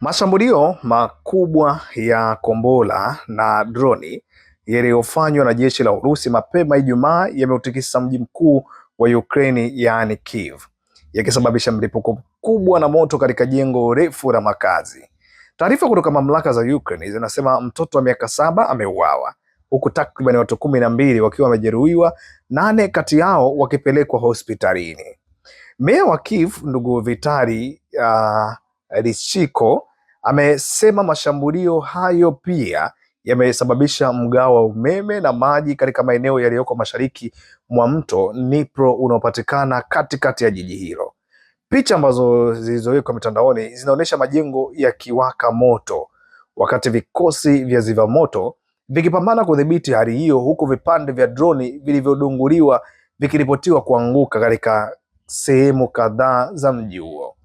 Mashambulio makubwa ya kombola na droni yaliyofanywa na jeshi la Urusi mapema Ijumaa yameutikisa mji mkuu wa Ukraine yaani Kiev, yakisababisha mlipuko mkubwa na moto katika jengo refu la makazi. Taarifa kutoka mamlaka za Ukraine zinasema mtoto wa miaka saba ameuawa huku takriban watu kumi na mbili wakiwa wamejeruhiwa, nane kati yao wakipelekwa hospitalini. Meya wa Kiev ndugu Vitali uh, ah, Richiko Amesema mashambulio hayo pia yamesababisha mgao wa umeme na maji katika maeneo yaliyoko mashariki mwa mto Dnipro unaopatikana katikati ya jiji hilo. Picha ambazo zilizowekwa mitandaoni zinaonyesha majengo yakiwaka moto wakati vikosi vya ziva moto vikipambana kudhibiti hali hiyo, huku vipande vya droni vilivyodunguliwa vikiripotiwa kuanguka katika sehemu kadhaa za mji huo.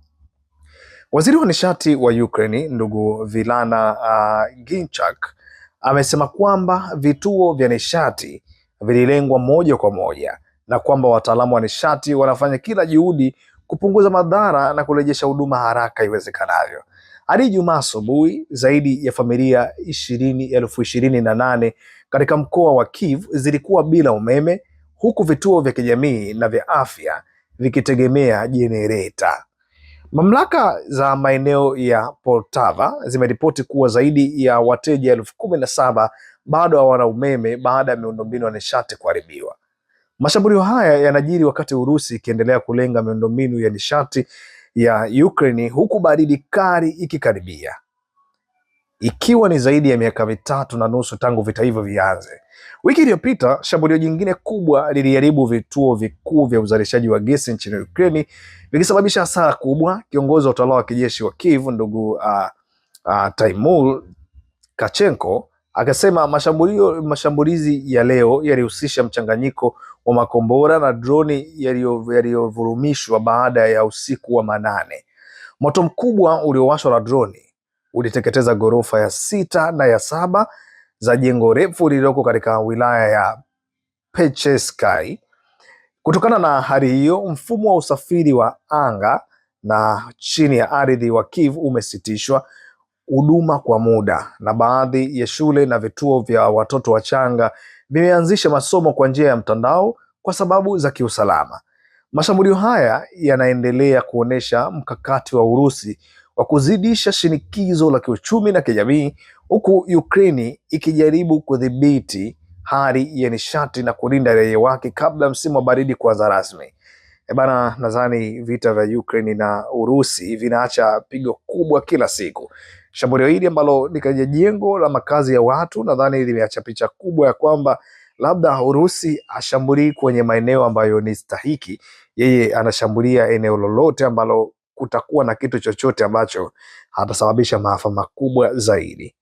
Waziri wa nishati wa Ukraine ndugu Vilana uh, Ginchak amesema kwamba vituo vya nishati vililengwa moja kwa moja na kwamba wataalamu wa nishati wanafanya kila juhudi kupunguza madhara na kurejesha huduma haraka iwezekanavyo. Hadi Ijumaa asubuhi, zaidi ya familia ishirini elfu ishirini na nane katika mkoa wa Kiev zilikuwa bila umeme huku vituo vya kijamii na vya afya vikitegemea jenereta. Mamlaka za maeneo ya Poltava zimeripoti kuwa zaidi ya wateja elfu kumi na saba bado hawana umeme baada ya miundombinu ya nishati kuharibiwa. Mashambulio haya yanajiri wakati Urusi ikiendelea kulenga miundombinu ya nishati ya Ukraine huku baridi kali ikikaribia ikiwa ni zaidi ya miaka mitatu na nusu tangu vita hivyo vianze. Wiki iliyopita shambulio jingine kubwa liliharibu vituo vikuu vya uzalishaji wa gesi nchini ukreni vikisababisha hasara kubwa. Kiongozi wa utawala wa kijeshi wa Kiev ndugu uh, uh, Taimur Kachenko akasema mashambulio mashambulizi ya leo yalihusisha mchanganyiko wa makombora na droni yaliyovurumishwa baada ya usiku wa manane. Moto mkubwa uliowashwa na droni uliteketeza ghorofa ya sita na ya saba za jengo refu lililoko katika wilaya ya Pecheskai. Kutokana na hali hiyo, mfumo wa usafiri wa anga na chini ya ardhi wa Kiev umesitishwa huduma kwa muda, na baadhi ya shule na vituo vya watoto wachanga vimeanzisha masomo kwa njia ya mtandao kwa sababu za kiusalama. Mashambulio haya yanaendelea kuonesha mkakati wa Urusi wa kuzidisha shinikizo la kiuchumi na kijamii, huku Ukraini ikijaribu kudhibiti hali ya nishati na kulinda raia wake kabla msimu wa baridi kuanza rasmi. E bana, nadhani vita vya Ukraine na Urusi vinaacha pigo kubwa kila siku. Shambulio hili ambalo likaja jengo la makazi ya watu, nadhani limeacha picha kubwa ya kwamba labda Urusi ashambulii kwenye maeneo ambayo ni stahiki, yeye anashambulia eneo lolote ambalo kutakuwa na kitu chochote ambacho hatasababisha maafa makubwa zaidi.